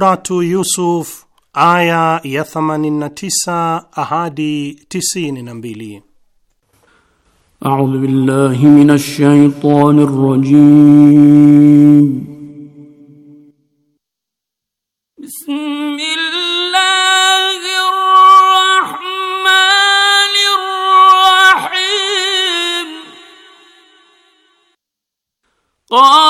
Suratu Yusuf aya ya 89 ahadi 92. A'udhu billahi minash shaitanir rajim. Bismillah قال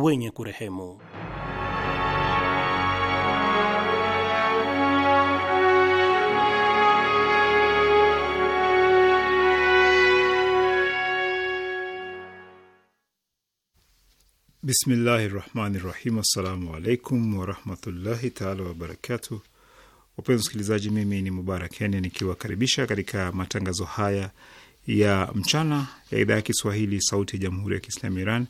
wenye kurehemu. Bismillahi rahmani rahim. Assalamu alaikum warahmatullahi taala wabarakatuh. Wapenzi msikilizaji mimi ni Mubarakeni nikiwakaribisha katika matangazo haya ya mchana ya idhaa ya Kiswahili sauti ya jamhuri ya Kiislamu Iran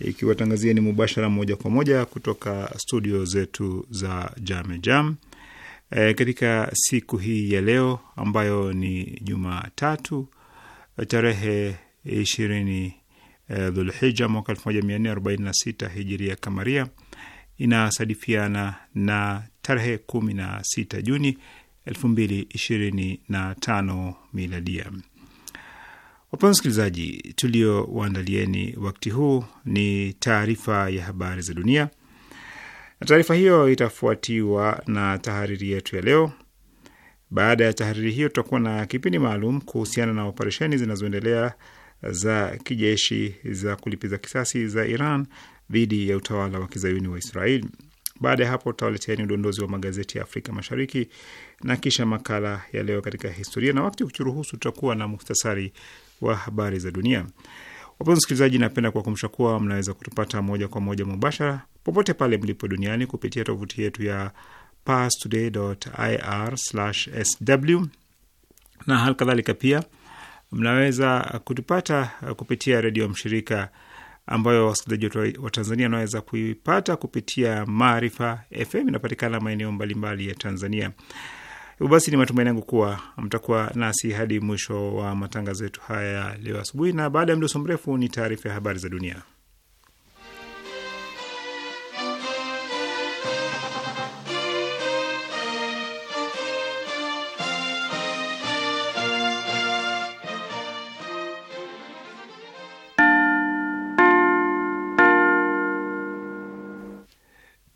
ikiwatangazia ni mubashara moja kwa moja kutoka studio zetu za Jame Jam e, katika siku hii ya leo ambayo ni Jumatatu tarehe ishirini e, Dhulhija mwaka elfu moja mia4e sita hijiria kamaria inasadifiana na tarehe kumi na sita Juni elfu mbili ishirini na tano miladia. Wapenzi wasikilizaji, tuliowaandalieni wakati huu ni taarifa ya habari za dunia, na taarifa hiyo itafuatiwa na tahariri yetu ya leo. Baada ya tahariri hiyo, tutakuwa na kipindi maalum kuhusiana na operesheni zinazoendelea za kijeshi za kulipiza kisasi za Iran dhidi ya utawala wa kizayuni wa Israeli. Baada ya hapo, tutawaleteani udondozi wa magazeti ya Afrika Mashariki na kisha makala ya leo katika historia, na wakati kuchuruhusu, tutakuwa na muhtasari wa habari za dunia. Wapenzi wasikilizaji, napenda kuwakumbusha kuwa mnaweza kutupata moja kwa moja mubashara popote pale mlipo duniani kupitia tovuti yetu ya pastodayir sw na hali kadhalika pia mnaweza kutupata kupitia redio mshirika ambayo wasikilizaji wa Tanzania wanaweza kuipata kupitia Maarifa FM, inapatikana maeneo mbalimbali ya Tanzania. Hivyo basi ni matumaini yangu kuwa mtakuwa nasi hadi mwisho wa matangazo yetu haya leo asubuhi, na baada ya mdoso mrefu ni taarifa ya habari za dunia.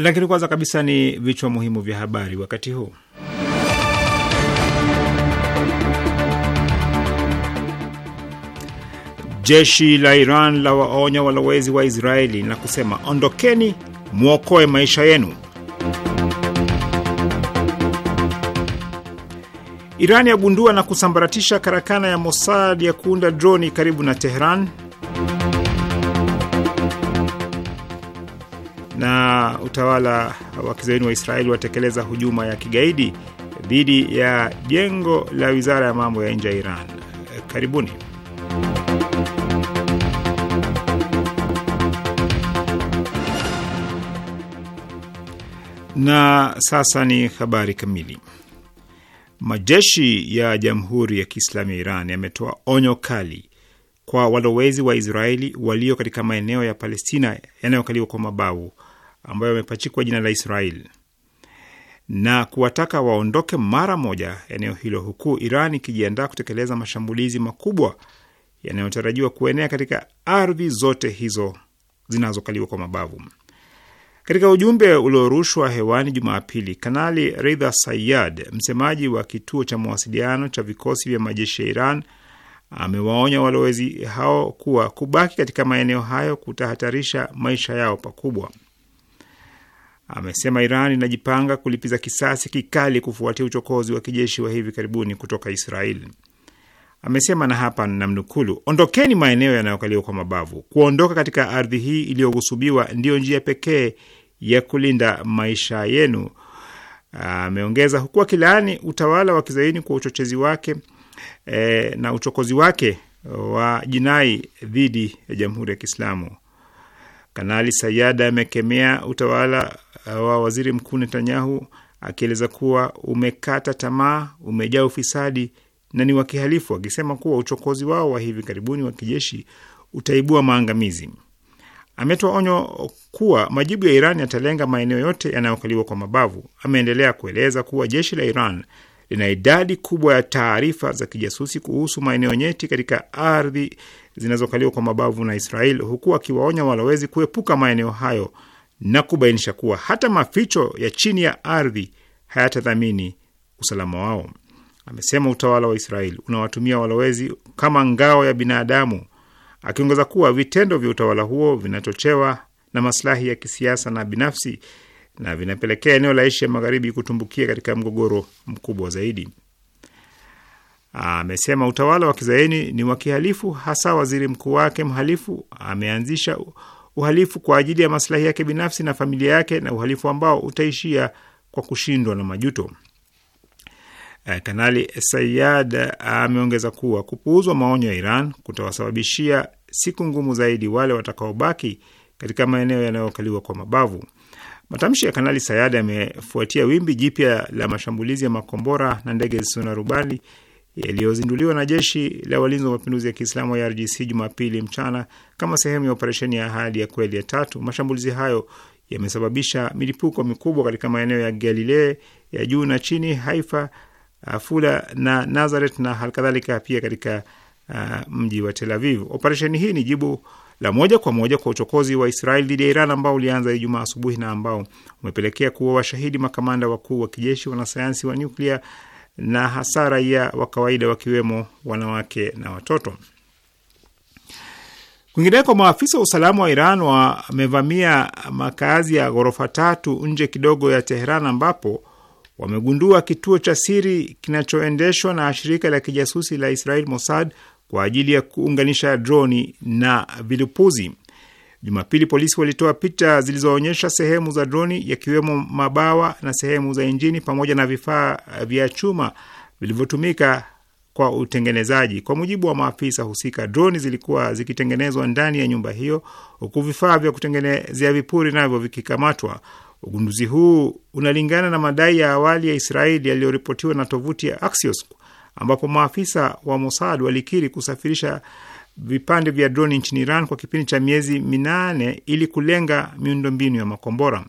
Lakini kwanza kabisa ni vichwa muhimu vya habari wakati huu. Jeshi la Iran la waonya walowezi wa Israeli na kusema ondokeni, mwokoe maisha yenu. Iran yagundua na kusambaratisha karakana ya Mossad ya kuunda droni karibu na Tehran. utawala wa kizayuni wa Israeli watekeleza hujuma ya kigaidi dhidi ya jengo la wizara ya mambo ya nje ya Iran. Karibuni. Na sasa ni habari kamili. Majeshi ya Jamhuri ya Kiislamu ya Iran yametoa onyo kali kwa walowezi wa Israeli walio katika maeneo ya Palestina yanayokaliwa kwa mabavu ambayo amepachikwa jina la Israel na kuwataka waondoke mara moja eneo hilo, huku Iran ikijiandaa kutekeleza mashambulizi makubwa yanayotarajiwa kuenea katika ardhi zote hizo zinazokaliwa kwa mabavu. Katika ujumbe uliorushwa hewani Jumapili, Kanali Ridha Sayad, msemaji wa kituo cha mawasiliano cha vikosi vya majeshi ya Iran, amewaonya walowezi hao kuwa kubaki katika maeneo hayo kutahatarisha maisha yao pakubwa amesema Iran inajipanga kulipiza kisasi kikali kufuatia uchokozi wa kijeshi wa hivi karibuni kutoka Israeli. Amesema na hapa namnukulu, ondokeni maeneo yanayokaliwa kwa mabavu. Kuondoka katika ardhi hii iliyoghusubiwa ndiyo njia pekee ya kulinda maisha yenu. Ameongeza huku akilaani utawala wa kizaini kwa uchochezi wake e, na uchokozi wake wa jinai dhidi ya Jamhuri ya Kiislamu Kanali Sayada amekemea utawala uh, wa waziri mkuu Netanyahu akieleza kuwa umekata tamaa, umejaa ufisadi na ni wakihalifu, akisema kuwa uchokozi wao wa hivi karibuni wa kijeshi utaibua maangamizi. Ametoa onyo kuwa majibu ya Iran yatalenga maeneo yote yanayokaliwa kwa mabavu. Ameendelea kueleza kuwa jeshi la Iran lina idadi kubwa ya taarifa za kijasusi kuhusu maeneo nyeti katika ardhi zinazokaliwa kwa mabavu na Israel, huku akiwaonya walowezi kuepuka maeneo hayo na kubainisha kuwa hata maficho ya chini ya ardhi hayatadhamini usalama wao. Amesema utawala wa Israel unawatumia walowezi kama ngao ya binadamu, akiongeza kuwa vitendo vya utawala huo vinachochewa na masilahi ya kisiasa na binafsi na vinapelekea eneo la Asia ya Magharibi kutumbukia katika mgogoro mkubwa zaidi amesema utawala wa kizaini ni wa kihalifu, hasa waziri mkuu wake mhalifu ameanzisha uhalifu kwa ajili ya maslahi yake binafsi na familia yake, na uhalifu ambao utaishia kwa kushindwa na majuto. Eh, Kanali Sayad eh, ameongeza kuwa kupuuzwa maonyo ya Iran kutawasababishia siku ngumu zaidi wale watakaobaki katika maeneo yanayokaliwa kwa mabavu. Matamshi ya Kanali Sayad yamefuatia wimbi jipya la mashambulizi ya makombora na ndege zisizo na rubani yaliyozinduliwa na jeshi la walinzi wa mapinduzi ya Kiislamu ya RGC Jumapili mchana kama sehemu ya operesheni ya ahadi ya kweli ya tatu. Mashambulizi hayo yamesababisha milipuko mikubwa katika maeneo ya Galilee ya juu na chini, Haifa, Afula na Nazareth na halikadhalika pia katika uh, mji wa Tel Aviv. Operesheni hii ni jibu la moja kwa moja kwa uchokozi wa Israeli dhidi ya Iran ambao ulianza Ijumaa asubuhi na ambao umepelekea kuwa washahidi makamanda wakuu wa kijeshi, wanasayansi wa nyuklia na hasa raia wa kawaida wakiwemo wanawake na watoto. Kwingineko, maafisa wa usalama wa Iran wamevamia makazi ya ghorofa tatu nje kidogo ya Teheran ambapo wamegundua kituo cha siri kinachoendeshwa na shirika la kijasusi la Israel Mossad kwa ajili ya kuunganisha droni na vilipuzi. Jumapili polisi walitoa picha zilizoonyesha sehemu za droni, yakiwemo mabawa na sehemu za injini pamoja na vifaa vya chuma vilivyotumika kwa utengenezaji. Kwa mujibu wa maafisa husika, droni zilikuwa zikitengenezwa ndani ya nyumba hiyo, huku vifaa vya kutengenezea vipuri navyo vikikamatwa. Ugunduzi huu unalingana na madai ya awali ya Israeli yaliyoripotiwa na tovuti ya Axios, ambapo maafisa wa Mossad walikiri kusafirisha vipande vya droni nchini Iran kwa kipindi cha miezi minane ili kulenga miundombinu ya makombora.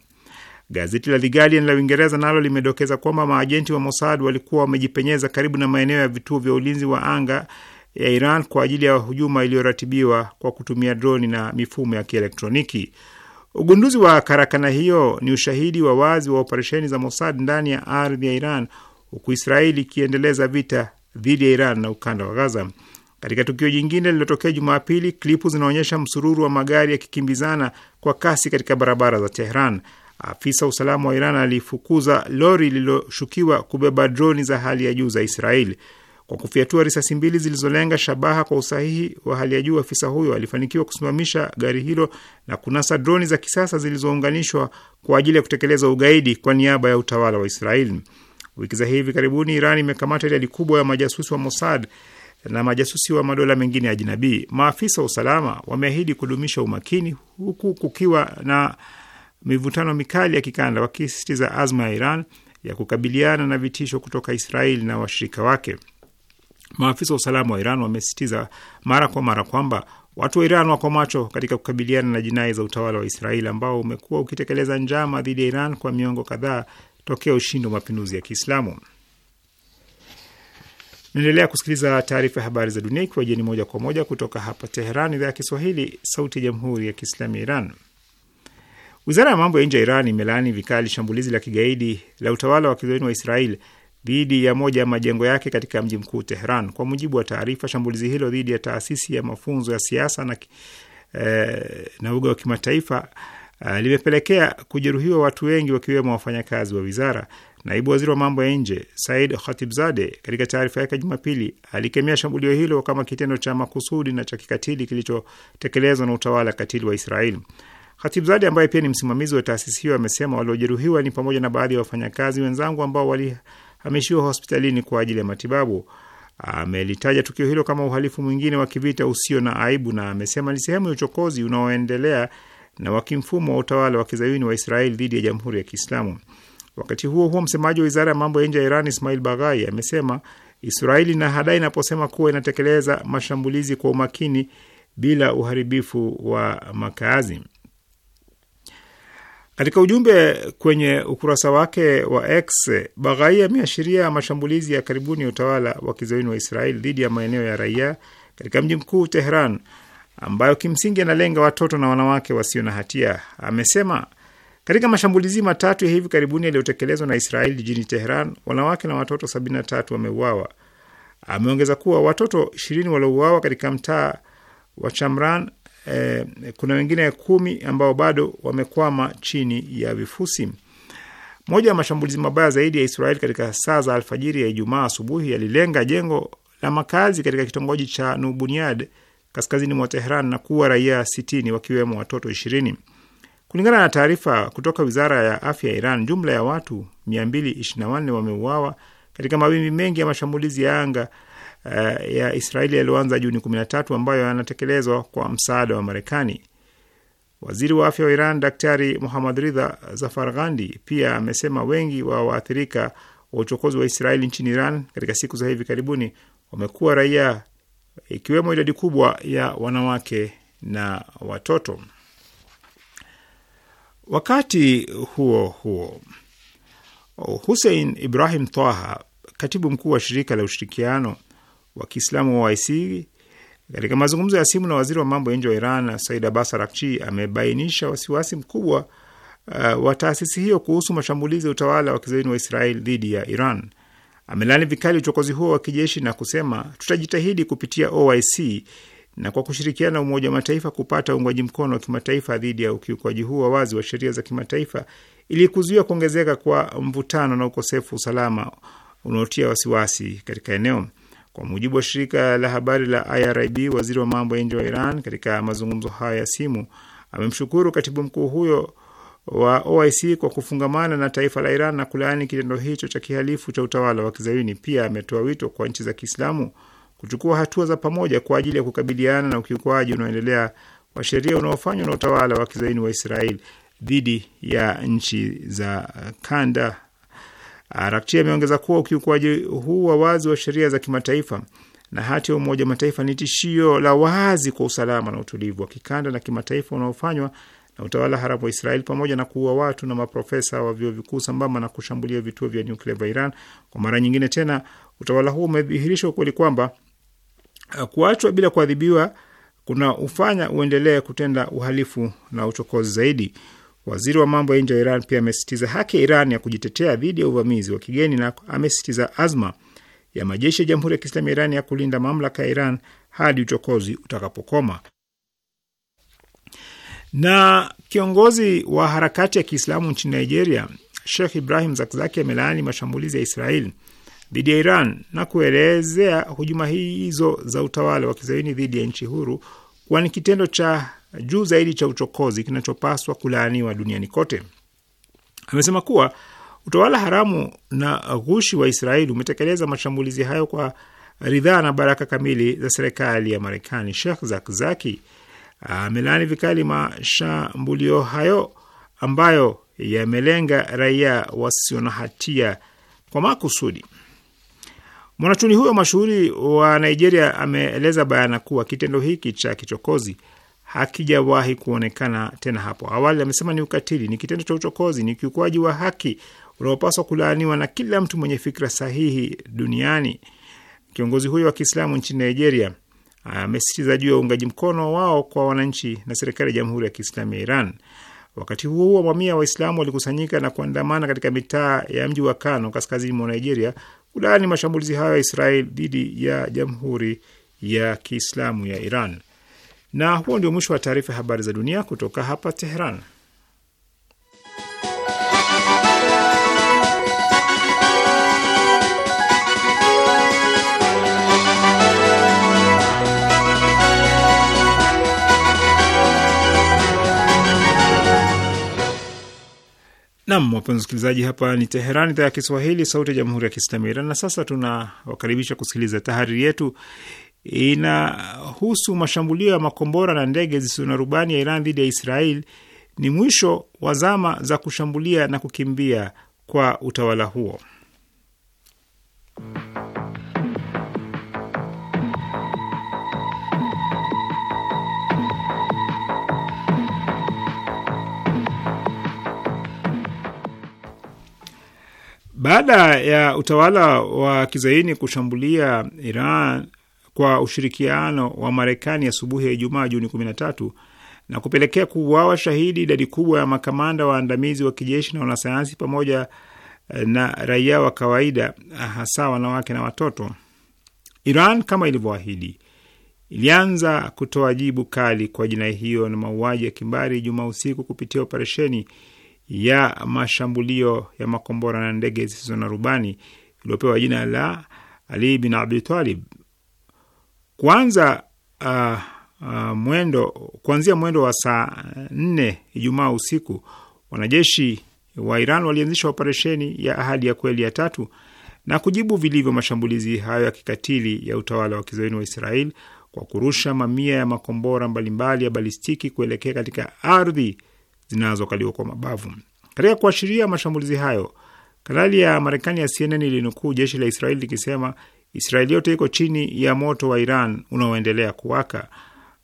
Gazeti la The Guardian la Uingereza nalo limedokeza kwamba maajenti wa Mossad walikuwa wamejipenyeza karibu na maeneo ya vituo vya ulinzi wa anga ya Iran kwa ajili ya hujuma iliyoratibiwa kwa kutumia droni na mifumo ya kielektroniki. Ugunduzi wa karakana hiyo ni ushahidi wa wazi wa operesheni za Mossad ndani ya ardhi ya Iran, huku Israeli ikiendeleza vita dhidi ya Iran na ukanda wa Gaza. Katika tukio jingine lililotokea Jumapili, klipu zinaonyesha msururu wa magari yakikimbizana kwa kasi katika barabara za Tehran. Afisa usalama wa Iran alifukuza lori lililoshukiwa kubeba droni za hali ya juu za israel kwa kufyatua risasi mbili zilizolenga shabaha kwa usahihi wa hali ya juu. Afisa huyo alifanikiwa kusimamisha gari hilo na kunasa droni za kisasa zilizounganishwa kwa ajili ya kutekeleza ugaidi kwa niaba ya utawala wa israel Wiki za hivi karibuni, Iran imekamata idadi kubwa ya majasusi wa Mossad na majasusi wa madola mengine ya jinabii. Maafisa wa usalama wameahidi kudumisha umakini, huku kukiwa na mivutano mikali ya kikanda, wakisisitiza azma ya Iran ya kukabiliana na vitisho kutoka Israeli na washirika wake. Maafisa wa usalama wa Iran wamesisitiza mara kwa mara kwamba watu wa Iran wako macho katika kukabiliana na jinai za utawala wa Israeli ambao umekuwa ukitekeleza njama dhidi ya Iran kwa miongo kadhaa tokea ushindi wa mapinduzi ya Kiislamu. Naendelea kusikiliza taarifa ya habari za dunia ikiwa jeni moja kwa moja kutoka hapa Teheran, idhaa ya Kiswahili, sauti ya jamhuri ya kiislamu ya Iran. Wizara ya mambo ya nje ya Iran imelaani vikali shambulizi la kigaidi la utawala wa kizayuni wa Israel dhidi ya moja ya majengo yake katika mji mkuu Teheran. Kwa mujibu wa taarifa, shambulizi hilo dhidi ya taasisi ya mafunzo ya siasa na, eh, na uga wa kimataifa eh, limepelekea kujeruhiwa watu wengi wakiwemo wafanyakazi wa wizara. Naibu waziri wa mambo ya nje Said Khatibzade katika taarifa yake Jumapili alikemea shambulio hilo kama kitendo cha makusudi na cha kikatili kilichotekelezwa na utawala katili wa Israeli. Khatibzade ambaye pia ni msimamizi wa taasisi hiyo amesema waliojeruhiwa ni pamoja na baadhi ya wafanyakazi wenzangu ambao walihamishiwa hospitalini kwa ajili ya matibabu. Amelitaja tukio hilo kama uhalifu mwingine wa kivita usio na aibu na amesema ni sehemu ya uchokozi unaoendelea na wakimfumo wa utawala wa kizayuni wa Israeli dhidi ya jamhuri ya Kiislamu. Wakati huo huo, msemaji wa wizara ya mambo ya nje ya Iran Ismail Baghai amesema Israeli ina hadai inaposema kuwa inatekeleza mashambulizi kwa umakini bila uharibifu wa makazi. Katika ujumbe kwenye ukurasa wake wa X, Baghai ameashiria mashambulizi ya karibuni ya utawala wa kizayuni wa Israeli dhidi ya maeneo ya raia katika mji mkuu Tehran, ambayo kimsingi analenga watoto na wanawake wasio na hatia. Amesema katika mashambulizi matatu ya hivi karibuni yaliyotekelezwa na Israeli jijini Teheran, wanawake na watoto 73 wameuawa. Ameongeza kuwa watoto ishirini waliouawa katika mtaa wa Chamran eh, kuna wengine kumi ambao bado wamekwama chini ya vifusi. Moja ya mashambulizi mabaya zaidi ya israel katika saa za alfajiri ya Ijumaa asubuhi yalilenga jengo la makazi katika kitongoji cha Nubunyad kaskazini mwa Tehran na kuwa raia sitini wakiwemo watoto ishirini. Kulingana na taarifa kutoka wizara ya afya ya Iran, jumla ya watu 224 wameuawa katika mawimbi mengi ya mashambulizi ya anga uh, ya Israeli yaliyoanza Juni 13 ambayo yanatekelezwa kwa msaada wa Marekani. Waziri wa afya wa Iran Daktari Muhamad Ridha Zafarghandi pia amesema wengi wa waathirika wa uchokozi wa Israeli nchini Iran katika siku za hivi karibuni wamekuwa raia, ikiwemo idadi kubwa ya wanawake na watoto. Wakati huo huo, Hussein Ibrahim Twaha, katibu mkuu wa shirika la ushirikiano wa Kiislamu wa OIC, katika mazungumzo ya simu na waziri wa mambo ya nje wa Iran Said Abbas Araghchi, amebainisha wasiwasi mkubwa uh, wa taasisi hiyo kuhusu mashambulizi ya utawala wa kizayuni wa Israel dhidi ya Iran. Amelani vikali uchokozi huo wa kijeshi na kusema, tutajitahidi kupitia OIC na kwa kushirikiana na Umoja wa Mataifa kupata uungwaji mkono wa kimataifa dhidi ya ukiukwaji huu wa wazi wa sheria za kimataifa ili kuzuia kuongezeka kwa mvutano na ukosefu usalama unaotia wasiwasi katika eneo. Kwa mujibu wa shirika la habari la IRIB, waziri wa mambo ya nje wa Iran katika mazungumzo hayo ya simu amemshukuru katibu mkuu huyo wa OIC kwa kufungamana na taifa la Iran na kulaani kitendo hicho cha kihalifu cha utawala wa Kizayuni. Pia ametoa wito kwa nchi za Kiislamu kuchukua hatua za pamoja kwa ajili ya kukabiliana na ukiukwaji unaoendelea wa sheria unaofanywa na utawala wa kizaini wa Israel dhidi ya nchi za kanda. Arakchi ah, ameongeza kuwa ukiukwaji huu wa wazi wa sheria za kimataifa na hati ya Umoja Mataifa ni tishio la wazi kwa usalama na utulivu wa kikanda na kimataifa unaofanywa na utawala haramu wa Israel pamoja na kuua watu na maprofesa wa vyuo vikuu sambamba na kushambulia vituo vya nyuklia vya Iran. Kwa mara nyingine tena, utawala huu umedhihirisha ukweli kwamba Eh, kuachwa bila kuadhibiwa kuna ufanya uendelee kutenda uhalifu na uchokozi zaidi. Waziri wa mambo ya nje wa Iran pia amesisitiza haki ya Iran ya kujitetea dhidi ya uvamizi wa kigeni na amesisitiza azma ya majeshi ya Jamhuri ya Kiislamu ya Iran ya kulinda mamlaka ya Iran hadi uchokozi utakapokoma. Na kiongozi wa harakati ya Kiislamu nchini Nigeria, Sheikh Ibrahim Zakzaki amelaani mashambulizi ya Israeli dhidi ya Iran na kuelezea hujuma hizo za utawala wa kizayuni dhidi ya nchi huru kuwa ni kitendo cha juu zaidi cha uchokozi kinachopaswa kulaaniwa duniani kote. Amesema kuwa utawala haramu na ghushi wa Israeli umetekeleza mashambulizi hayo kwa ridhaa na baraka kamili za serikali ya Marekani. Sheikh Zakzaki amelaani vikali mashambulio hayo ambayo yamelenga raia wasio na hatia kwa makusudi. Mwanachuni huyo mashuhuri wa Nigeria ameeleza bayana kuwa kitendo hiki cha kichokozi hakijawahi kuonekana tena hapo awali. Amesema ni ukatili, ni kitendo cha uchokozi, ni ukiukuaji wa haki unaopaswa kulaaniwa na kila mtu mwenye fikra sahihi duniani. Kiongozi huyo wa Kiislamu nchini Nigeria amesisitiza juu ya uungaji mkono wao kwa wananchi na serikali ya Jamhuri ya Kiislamu ya Iran. Wakati huo huo, mamia Waislamu walikusanyika na kuandamana katika mitaa ya mji wa Kano, kaskazini mwa Nigeria, kulaani mashambulizi hayo ya Israel dhidi ya Jamhuri ya Kiislamu ya Iran. Na huo ndio mwisho wa taarifa ya habari za dunia kutoka hapa teheran Nam, wapenzi wasikilizaji, hapa ni Teheran, idhaa ya Kiswahili, sauti ya jamhuri ya kiislamu ya Iran. Na sasa tunawakaribisha kusikiliza tahariri yetu. Inahusu mashambulio ya makombora na ndege zisizo na rubani ya Iran dhidi ya Israel. Ni mwisho wa zama za kushambulia na kukimbia kwa utawala huo. Baada ya utawala wa kizaini kushambulia Iran kwa ushirikiano wa Marekani asubuhi ya, Ijumaa Juni 13 na kupelekea kuuawa shahidi idadi kubwa ya makamanda waandamizi wa kijeshi na wanasayansi pamoja eh, na raia wa kawaida, eh, hasa wanawake na watoto, Iran kama ilivyoahidi ilianza kutoa jibu kali kwa jinai hiyo na mauaji ya kimbari Ijumaa usiku kupitia operesheni ya mashambulio ya makombora na ndege zisizo na rubani iliyopewa jina la Ali bin Abi Talib. Kwanza uh, uh, mwendo kuanzia mwendo wa saa nne Ijumaa usiku wanajeshi wa Iran walianzisha operesheni ya Ahadi ya Kweli ya tatu na kujibu vilivyo mashambulizi hayo ya kikatili ya utawala wa kizoeni wa Israel kwa kurusha mamia ya makombora mbalimbali ya balistiki kuelekea katika ardhi zinazokaliwa kwa mabavu. Katika kuashiria mashambulizi hayo, kanali ya Marekani ya CNN ilinukuu jeshi la Israeli likisema Israeli yote iko chini ya moto wa Iran unaoendelea kuwaka.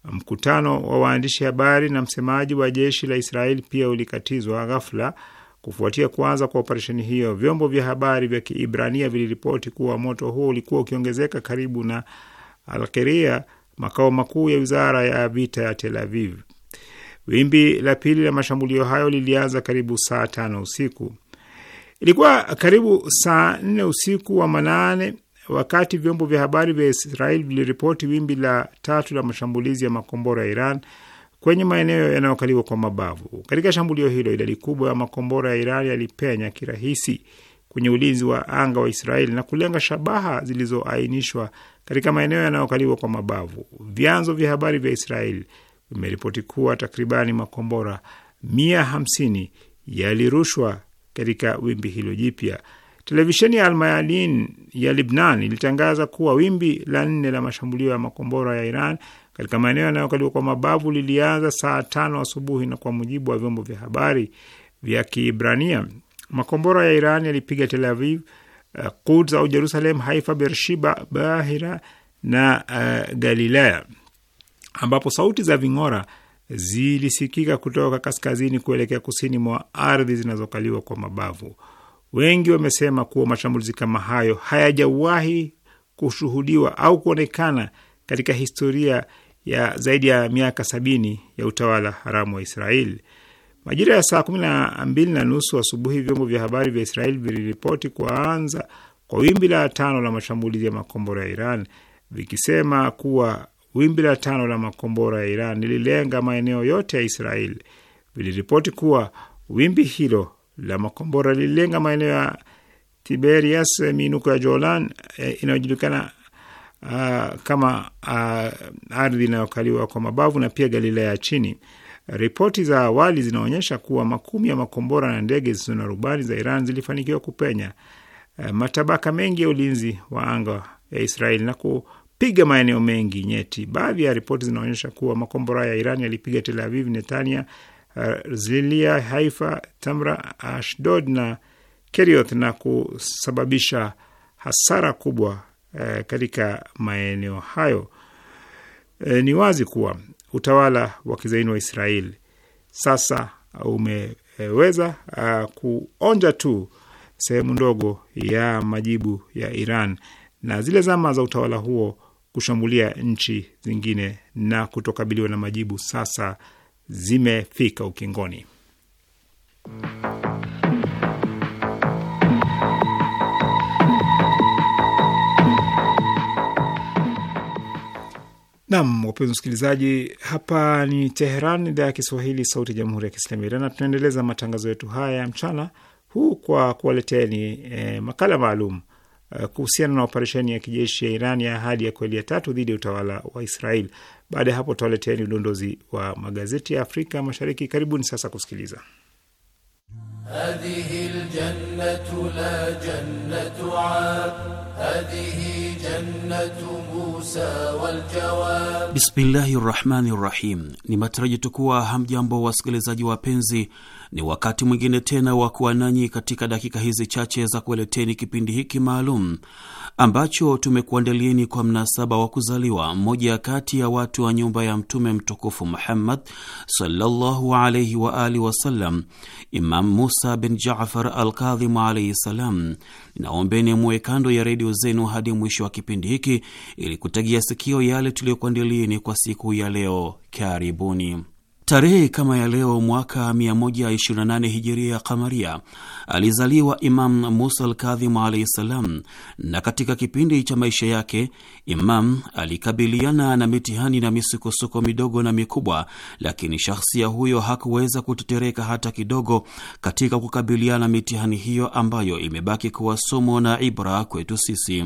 Mkutano wa waandishi habari na msemaji wa jeshi la Israeli pia ulikatizwa ghafla kufuatia kuanza kwa operesheni hiyo. Vyombo vya habari vya Kiibrania viliripoti kuwa moto huo ulikuwa ukiongezeka karibu na Alkeria, makao makuu ya wizara ya vita ya Tel Aviv. Wimbi la pili la mashambulio hayo lilianza karibu saa tano usiku. Ilikuwa karibu saa nne usiku wa manane wakati vyombo vya habari vya Israel viliripoti wimbi la tatu la mashambulizi ya makombora ya Iran kwenye maeneo yanayokaliwa kwa mabavu. Katika shambulio hilo, idadi kubwa ya makombora ya Iran yalipenya kirahisi kwenye ulinzi wa anga wa Israeli na kulenga shabaha zilizoainishwa katika maeneo yanayokaliwa kwa mabavu. Vyanzo vya habari vya Israeli imeripoti kuwa takribani makombora mia hamsini yalirushwa katika wimbi hilo jipya. Televisheni ya Almayalin ya Libnan ilitangaza kuwa wimbi la nne la mashambulio ya makombora ya Iran katika maeneo yanayokaliwa kwa mabavu lilianza saa tano asubuhi, na kwa mujibu wa vyombo vya habari vya Kiibrania, makombora ya Iran yalipiga Tel Aviv, uh, Kuds au Jerusalem, Haifa, Bershiba, Bahira na uh, Galilaya ambapo sauti za ving'ora zilisikika kutoka kaskazini kuelekea kusini mwa ardhi zinazokaliwa kwa mabavu. Wengi wamesema kuwa mashambulizi kama hayo hayajawahi kushuhudiwa au kuonekana katika historia ya zaidi ya miaka sabini ya utawala haramu wa israel Majira ya saa kumi na mbili na nusu asubuhi, vyombo vya habari vya israel viliripoti kuanza kwa wimbi la tano la mashambulizi ya makombora ya Iran vikisema kuwa wimbi la tano la makombora ya Iran lililenga maeneo yote ya Israel. Viliripoti kuwa wimbi hilo la makombora lililenga maeneo ya Tiberias, miinuko ya Jolan eh, inayojulikana uh, kama uh, ardhi inayokaliwa kwa mabavu na pia Galilea ya chini. Ripoti za awali zinaonyesha kuwa makumi ya makombora na ndege zisizo na rubani za Iran zilifanikiwa kupenya uh, matabaka mengi ya ulinzi wa anga ya Israeli na ku piga maeneo mengi nyeti. Baadhi ya ripoti zinaonyesha kuwa makombora ya Iran yalipiga Tel Aviv, Netania, uh, Zilia, Haifa, Tamra, Ashdod na Kerioth na kusababisha hasara kubwa eh, katika maeneo hayo. Eh, ni wazi kuwa utawala wa kizaini wa Israel sasa umeweza eh, kuonja tu sehemu ndogo ya majibu ya Iran na zile zama za utawala huo kushambulia nchi zingine na kutokabiliwa na majibu sasa zimefika ukingoni. Nam, wapenzi msikilizaji, hapa ni Teheran, idhaa ya Kiswahili, sauti ya jamhuri ya kiislamu ya Iran, na tunaendeleza matangazo yetu haya ya mchana huu kwa kuwaleteni eh, makala maalum Uh, kuhusiana na operesheni ya kijeshi ya Iran ya Ahadi ya Kweli ya tatu dhidi ya utawala wa Israel. Baada ya hapo, tutawaleteni udondozi wa magazeti ya Afrika Mashariki. Karibuni sasa kusikiliza Bismillahi rahmani rahim. Ni matarajio tukuwa hamjambo wasikilizaji wapenzi ni wakati mwingine tena wa kuwa nanyi katika dakika hizi chache za kueleteni kipindi hiki maalum ambacho tumekuandalieni kwa mnasaba wa kuzaliwa mmoja kati ya watu wa nyumba ya Mtume mtukufu Muhammad sallallahu alaihi wa alihi wasallam, Imam Musa bin Jafar Alkadhimu alaihi salam. Naombeni muwe kando ya redio zenu hadi mwisho wa kipindi hiki ili kutegia sikio yale tuliyokuandalieni kwa siku ya leo. Karibuni. Tarehe kama ya leo mwaka 128 hijiria kamaria alizaliwa Imam Musa Alkadhim alaihi ssalam, na katika kipindi cha maisha yake Imam alikabiliana na mitihani na misukosuko midogo na mikubwa, lakini shahsia huyo hakuweza kutetereka hata kidogo katika kukabiliana mitihani hiyo ambayo imebaki kuwa somo na ibra kwetu sisi.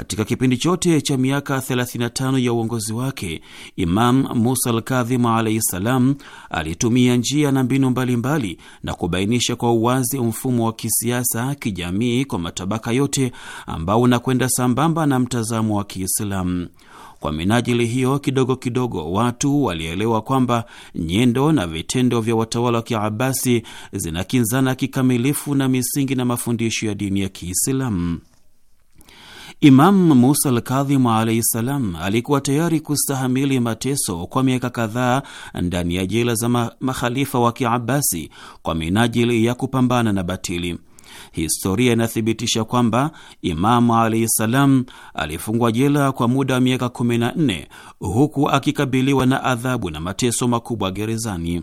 Katika kipindi chote cha miaka 35 ya uongozi wake, Imam Musa Alkadhimu alaihi ssalam alitumia njia na mbinu mbalimbali mbali, na kubainisha kwa uwazi mfumo wa kisiasa, kijamii kwa matabaka yote ambao unakwenda sambamba na mtazamo wa Kiislamu. Kwa minajili hiyo, kidogo kidogo watu walielewa kwamba nyendo na vitendo vya watawala wa Kiabasi zinakinzana kikamilifu na misingi na mafundisho ya dini ya Kiislamu. Imam Musa al alaihi salam alikuwa tayari kustahamili mateso kwa miaka kadhaa ndani ya jela za makhalifa wa Kiabasi kwa minajili ya kupambana na batili. Historia inathibitisha kwamba Imamu alaihi salam alifungwa jela kwa muda wa miaka 14 huku akikabiliwa na adhabu na mateso makubwa gerezani.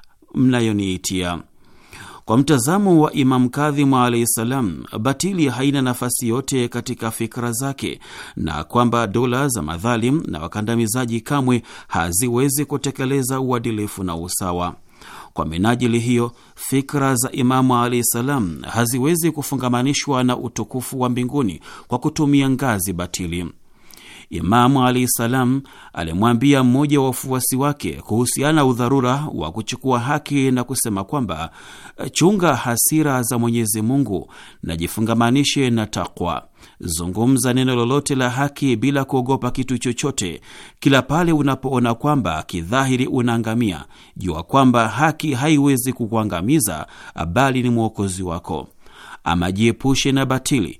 mnayoniitia. Kwa mtazamo wa Imamu Kadhimu alaihi ssalam, batili haina nafasi yote katika fikra zake, na kwamba dola za madhalim na wakandamizaji kamwe haziwezi kutekeleza uadilifu na usawa. Kwa minajili hiyo, fikra za Imamu alaihi ssalam haziwezi kufungamanishwa na utukufu wa mbinguni kwa kutumia ngazi batili. Imamu alahi salam alimwambia mmoja wa wafuasi wake kuhusiana udharura wa kuchukua haki na kusema kwamba chunga hasira za Mwenyezi Mungu na jifungamanishe na takwa. Zungumza neno lolote la haki bila kuogopa kitu chochote. Kila pale unapoona kwamba kidhahiri unaangamia, jua kwamba haki haiwezi kukuangamiza, bali ni mwokozi wako. Ama jiepushe na batili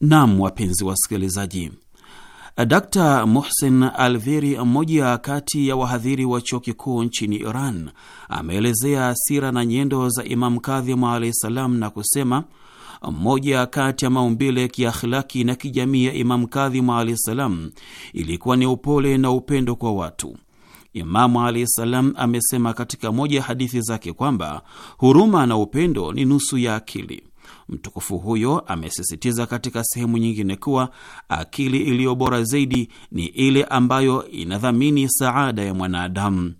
Naam, wapenzi wasikilizaji, Dr muhsen Alveri, mmoja kati ya wahadhiri wa chuo kikuu nchini Iran, ameelezea sira na nyendo za Imamu Kadhimu alahi salam na kusema mmoja kati ya maumbile ya kiakhlaki na kijamii ya Imamu Kadhimu alahi salam ilikuwa ni upole na upendo kwa watu. Imamu alahi salam amesema katika moja ya hadithi zake kwamba huruma na upendo ni nusu ya akili. Mtukufu huyo amesisitiza katika sehemu nyingine kuwa akili iliyo bora zaidi ni ile ambayo inadhamini saada ya mwanadamu.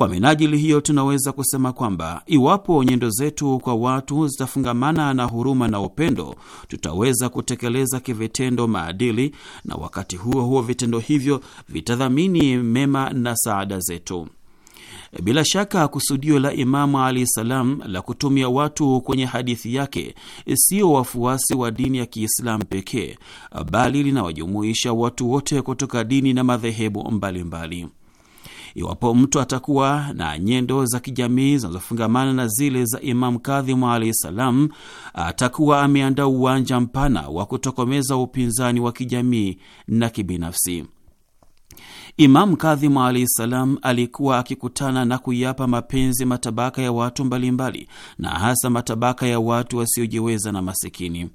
Kwa minajili hiyo, tunaweza kusema kwamba iwapo nyendo zetu kwa watu zitafungamana na huruma na upendo, tutaweza kutekeleza kivitendo maadili, na wakati huo huo vitendo hivyo vitadhamini mema na saada zetu. Bila shaka kusudio la Imamu alahi salam la kutumia watu kwenye hadithi yake sio wafuasi wa dini ya Kiislamu pekee, bali linawajumuisha watu wote kutoka dini na madhehebu mbalimbali mbali. Iwapo mtu atakuwa na nyendo za kijamii zinazofungamana na zile za Imamu Kadhimu alahi salam, atakuwa ameandaa uwanja mpana wa kutokomeza upinzani wa kijamii na kibinafsi. Imamu Kadhimu alahi salam alikuwa akikutana na kuyapa mapenzi matabaka ya watu mbalimbali, na hasa matabaka ya watu wasiojiweza na masikini.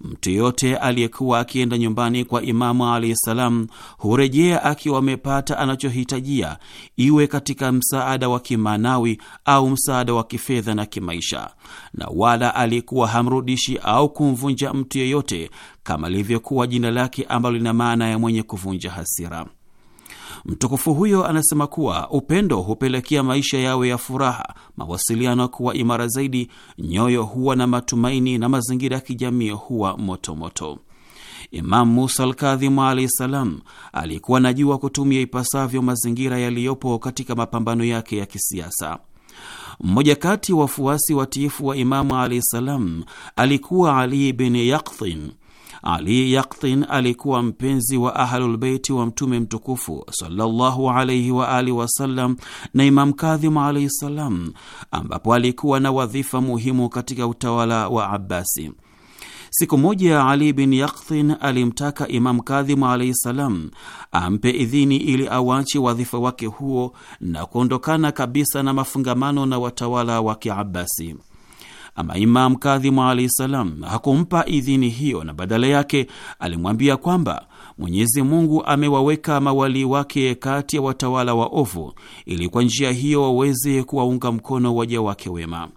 Mtu yoyote aliyekuwa akienda nyumbani kwa Imamu alahi salam hurejea akiwa amepata anachohitajia, iwe katika msaada wa kimaanawi au msaada wa kifedha na kimaisha, na wala aliyekuwa hamrudishi au kumvunja mtu yeyote, kama lilivyokuwa jina lake ambalo lina maana ya mwenye kuvunja hasira. Mtukufu huyo anasema kuwa upendo hupelekea maisha yawe ya furaha, mawasiliano kuwa imara zaidi, nyoyo huwa na matumaini na mazingira ya kijamii huwa motomoto. Imamu Musa Alkadhimu alahi salam alikuwa anajua kutumia ipasavyo mazingira yaliyopo katika mapambano yake ya kisiasa. Mmoja kati wafuasi watiifu wa Imamu alahi salam alikuwa Ali bin Yakdhin ali Yaktin alikuwa mpenzi wa Ahlulbeiti wa Mtume mtukufu sallallahu alaihi wa alihi wasallam na Imam Kadhim alaihi salam, ambapo alikuwa na wadhifa muhimu katika utawala wa Abbasi. Siku moja Ali bin Yakthin alimtaka Imam Kadhimu alaihi salam ampe idhini ili awache wadhifa wake huo na kuondokana kabisa na mafungamano na watawala wa Kiabasi. Ama Imam Kadhimu alahi salam hakumpa idhini hiyo, na badala yake alimwambia kwamba Mwenyezi Mungu amewaweka mawalii wake kati ya watawala waovu, ili kwa njia hiyo waweze kuwaunga mkono waja wake wema.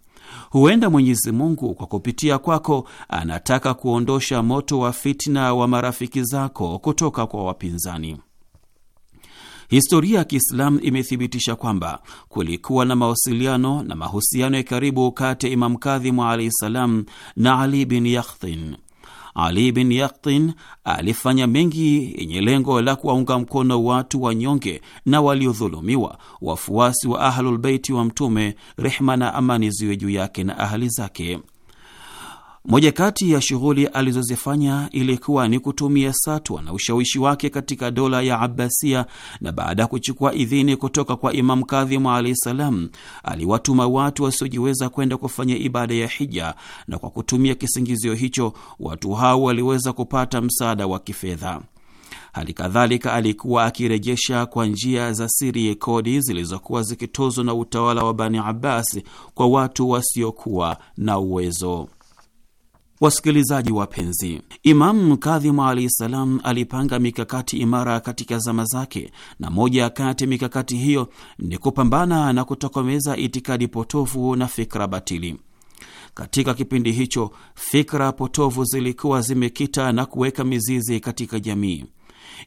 Huenda Mwenyezi Mungu kwa kupitia kwako anataka kuondosha moto wa fitna wa marafiki zako kutoka kwa wapinzani. Historia ya Kiislamu imethibitisha kwamba kulikuwa na mawasiliano na mahusiano ya karibu kati ya Imam Kadhimu alaihi salam na Ali bin Yakhtin. Ali bin Yakhtin alifanya mengi yenye lengo la kuwaunga mkono watu wanyonge na waliodhulumiwa, wafuasi wa Ahlulbeiti wa Mtume, rehma na amani ziwe juu yake na ahali zake. Moja kati ya shughuli alizozifanya ilikuwa ni kutumia satwa na ushawishi wake katika dola ya Abbasia, na baada ya kuchukua idhini kutoka kwa Imam Kadhimu alahi salam, aliwatuma watu wasiojiweza kwenda kufanya ibada ya hija, na kwa kutumia kisingizio hicho watu hao waliweza kupata msaada wa kifedha. Hali kadhalika alikuwa akirejesha kwa njia za siri kodi zilizokuwa zikitozwa na utawala wa Bani Abbas kwa watu wasiokuwa na uwezo. Wasikilizaji wapenzi, Imamu Kadhimu alahi salam alipanga mikakati imara katika zama zake, na moja kati ya mikakati hiyo ni kupambana na kutokomeza itikadi potofu na fikra batili. Katika kipindi hicho, fikra potofu zilikuwa zimekita na kuweka mizizi katika jamii.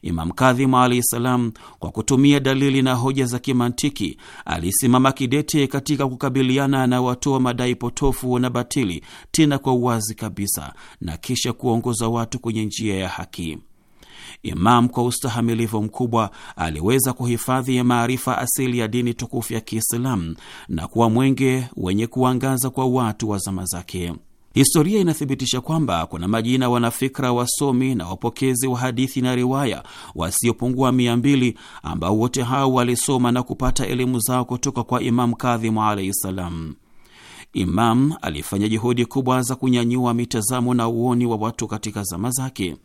Imam Kadhimu alahi salam, kwa kutumia dalili na hoja za kimantiki, alisimama kidete katika kukabiliana na watoa madai potofu na batili, tena kwa uwazi kabisa, na kisha kuongoza watu kwenye njia ya haki. Imam kwa ustahamilivu mkubwa aliweza kuhifadhi maarifa asili ya dini tukufu ya Kiislamu na kuwa mwenge wenye kuangaza kwa watu wa zama zake. Historia inathibitisha kwamba kuna majina wanafikra, wasomi na wapokezi wa hadithi na riwaya wasiopungua mia mbili ambao wote hao walisoma na kupata elimu zao kutoka kwa Imam Kadhimu alaihi ssalam. Imam alifanya juhudi kubwa za kunyanyua mitazamo na uoni wa watu katika zama zake.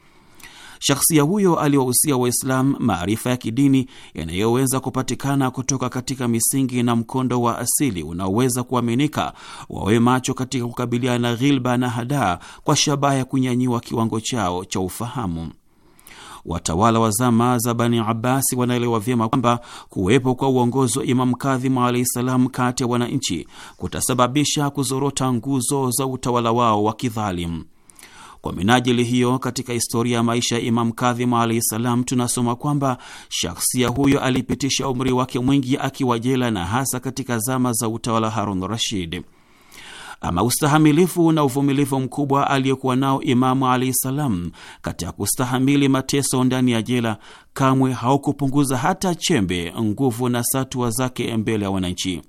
Shakhsia huyo aliwahusia Waislam maarifa ya kidini yanayoweza kupatikana kutoka katika misingi na mkondo wa asili unaoweza kuaminika, wawe macho katika kukabiliana na ghilba na hadaa kwa shabaha ya kunyanyiwa kiwango chao cha ufahamu. Watawala wa zama za Bani Abasi wanaelewa vyema kwamba kuwepo kwa uongozi wa Imamu Kadhimu alahi salam kati ya wananchi kutasababisha kuzorota nguzo za utawala wao wa kidhalimu. Kwa minajili hiyo, katika historia ya maisha ya Imam Kadhimu alaihi salam tunasoma kwamba shakhsia huyo alipitisha umri wake mwingi akiwa jela na hasa katika zama za utawala Harun Rashid. Ama ustahamilifu na uvumilivu mkubwa aliyekuwa nao Imamu alaihi salam katika kustahamili mateso ndani ya jela kamwe haukupunguza hata chembe nguvu na satua zake mbele ya wananchi.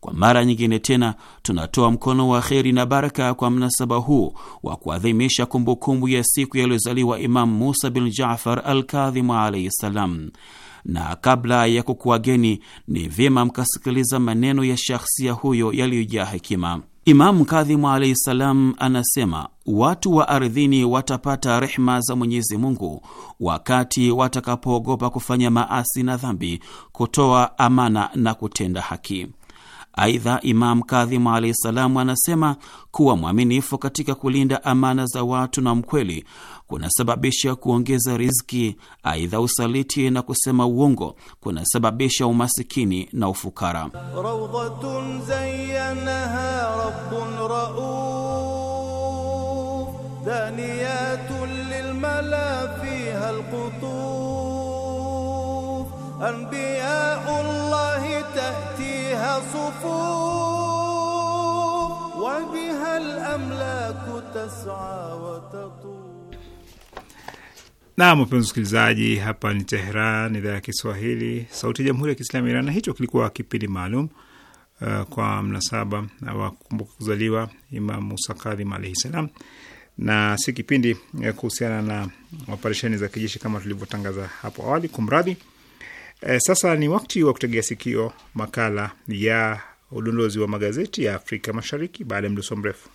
Kwa mara nyingine tena tunatoa mkono wa kheri na baraka kwa mnasaba huu wa kuadhimisha kumbukumbu ya siku yaliyozaliwa Imamu Musa bin Jafar al Kadhimu alaihi ssalam. Na kabla ya kukuwageni, ni vyema mkasikiliza maneno ya shakhsia huyo yaliyojaa hekima. Imamu Kadhimu alaihi ssalam anasema watu wa ardhini watapata rehma za Mwenyezi Mungu wakati watakapoogopa kufanya maasi na dhambi, kutoa amana na kutenda haki. Aidha, Imam Kadhimu alahi salamu anasema kuwa mwaminifu katika kulinda amana za watu na mkweli kunasababisha kuongeza riziki. Aidha, usaliti na kusema uongo kunasababisha umasikini na ufukara. فيها صفوف وبها الأملاك تسعى وتطوف mpenzi msikilizaji, hapa ni Tehran, idhaa ya Kiswahili, sauti ya jamhuri ya kiislamu ya Iran, na hicho kilikuwa kipindi maalum uh, kwa mnasaba wa kumbuka kuzaliwa Imam Musa Kadhim alaihi salam, na si kipindi uh, kuhusiana na operesheni za kijeshi kama tulivyotangaza hapo awali. Kumradhi. E, sasa ni wakati wa kutegea sikio makala ya udondozi wa magazeti ya Afrika Mashariki baada ya mdoso mrefu.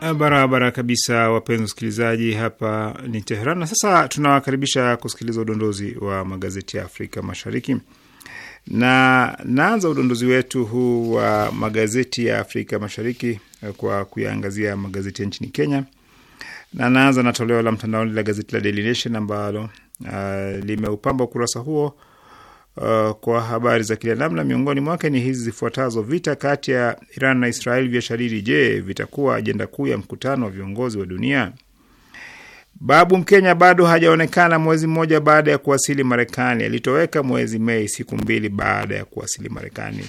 Eh, barabara kabisa, wapenzi wasikilizaji, hapa ni Teheran na sasa tunawakaribisha kusikiliza udondozi wa magazeti ya Afrika Mashariki na naanza udondozi wetu huu wa magazeti ya Afrika Mashariki eh, kwa kuyaangazia magazeti ya nchini Kenya, na naanza na toleo la mtandaoni la gazeti la Daily Nation ambalo uh, limeupamba ukurasa huo uh, kwa habari za kila namna. Miongoni mwake ni hizi zifuatazo: vita kati ya Iran na Israel vya shariri Je, vitakuwa ajenda kuu ya mkutano wa viongozi wa dunia? Babu Mkenya bado hajaonekana mwezi mmoja baada ya kuwasili Marekani. Alitoweka mwezi Mei, siku mbili baada ya kuwasili Marekani.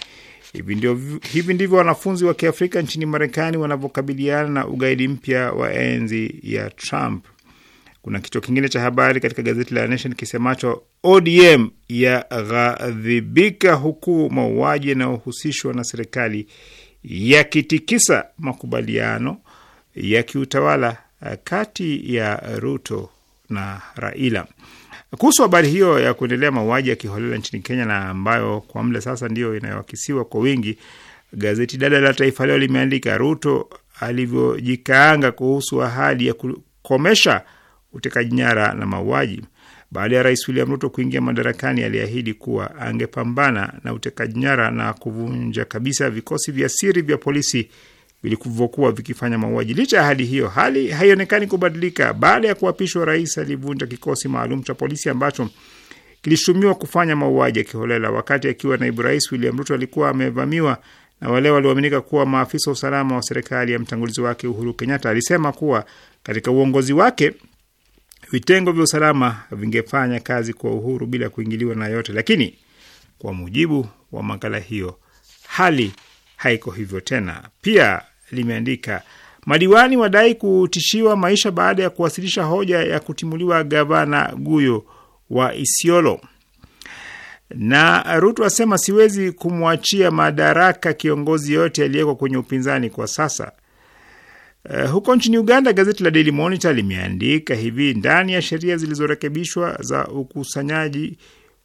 Hivi ndio hivi ndivyo wanafunzi wa Kiafrika nchini Marekani wanavyokabiliana na ugaidi mpya wa enzi ya Trump. Kuna kichwa kingine cha habari katika gazeti la Nation kisemacho ODM ya ghadhibika huku mauaji yanayohusishwa na serikali yakitikisa makubaliano ya kiutawala Eh, kati ya Ruto na Raila. Kuhusu habari hiyo ya kuendelea mauaji ya kiholela nchini Kenya na ambayo kwa muda sasa ndiyo inayoakisiwa kwa wingi, gazeti dada la Taifa Leo limeandika Ruto alivyojikaanga kuhusu ahadi ya kukomesha utekaji nyara na mauaji. Baada ya Rais William Ruto kuingia madarakani, aliahidi kuwa angepambana na utekaji nyara na kuvunja kabisa vikosi vya siri vya polisi vilivyokuwa vikifanya mauaji. Licha ya hali hiyo, hali haionekani kubadilika. Baada ya kuapishwa, rais alivunja kikosi maalum cha polisi ambacho kilishutumiwa kufanya mauaji ya kiholela. Wakati akiwa naibu rais, William Ruto alikuwa amevamiwa na wale walioaminika kuwa maafisa wa usalama wa serikali ya mtangulizi wake Uhuru Kenyatta. Alisema kuwa katika uongozi wake vitengo vya usalama vingefanya kazi kwa uhuru bila kuingiliwa na yote, lakini kwa mujibu wa makala hiyo hali haiko hivyo tena. Pia limeandika madiwani wadai kutishiwa maisha baada ya kuwasilisha hoja ya kutimuliwa gavana Guyo wa Isiolo, na Ruto asema siwezi kumwachia madaraka kiongozi yote aliyeko kwenye upinzani kwa sasa. Uh, huko nchini Uganda gazeti la Daily Monitor limeandika hivi: ndani ya sheria zilizorekebishwa za ukusanyaji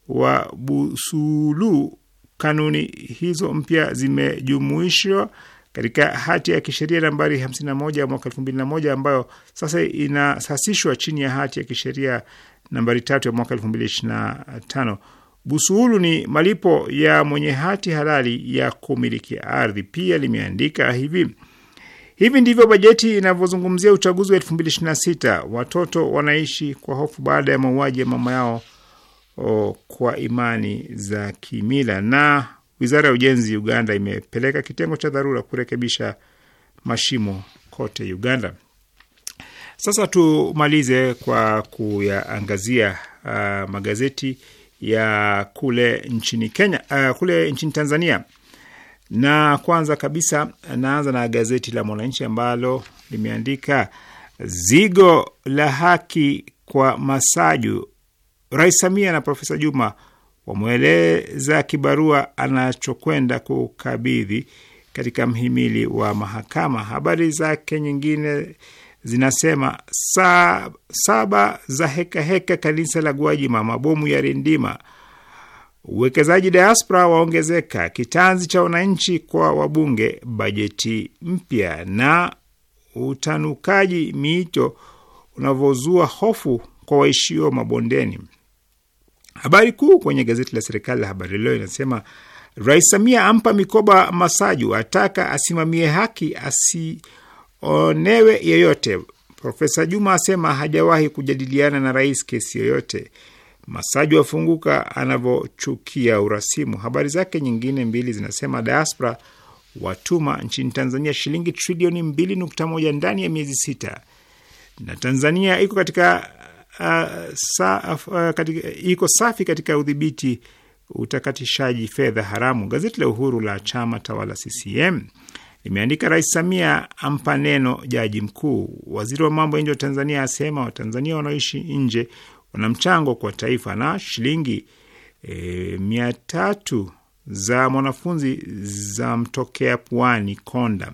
wa busulu, kanuni hizo mpya zimejumuishwa katika hati ya kisheria nambari 51 mwaka 2001 ambayo sasa inasasishwa chini ya hati ya kisheria nambari tatu ya mwaka 2025. Busuhulu ni malipo ya mwenye hati halali ya kumiliki ardhi. Pia limeandika hivi: hivi ndivyo bajeti inavyozungumzia uchaguzi wa 2026. Watoto wanaishi kwa hofu baada ya mauaji ya mama yao o, oh, kwa imani za kimila na Wizara ya ujenzi Uganda imepeleka kitengo cha dharura kurekebisha mashimo kote Uganda. Sasa tumalize kwa kuyaangazia uh, magazeti ya kule nchini Kenya, uh, kule nchini Tanzania, na kwanza kabisa naanza na gazeti la Mwananchi ambalo limeandika zigo la haki kwa Masaju, Rais Samia na Profesa Juma wamweleza kibarua anachokwenda kukabidhi katika mhimili wa mahakama. Habari zake nyingine zinasema saa saba za hekaheka heka kanisa la Gwajima, mabomu ya rindima, uwekezaji diaspora waongezeka, kitanzi cha wananchi kwa wabunge, bajeti mpya na utanukaji miito unavyozua hofu kwa waishio mabondeni. Habari kuu kwenye gazeti la serikali la Habari Leo inasema Rais Samia ampa mikoba Masaju, ataka asimamie haki, asionewe yeyote. Profesa Juma asema hajawahi kujadiliana na rais kesi yoyote. Masaju afunguka anavyochukia urasimu. Habari zake nyingine mbili zinasema diaspora watuma nchini Tanzania shilingi trilioni 2.1 ndani ya miezi sita, na Tanzania iko katika uh, sa, uh, katika, iko safi katika udhibiti utakatishaji fedha haramu. Gazeti la Uhuru la chama tawala CCM limeandika Rais Samia ampa neno jaji mkuu. Waziri wa mambo ya nje wa Tanzania asema Watanzania wanaoishi nje wana mchango kwa taifa. Na shilingi e, mia tatu za mwanafunzi za mtokea Pwani Konda